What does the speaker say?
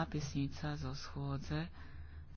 Zápisnica zo schôdze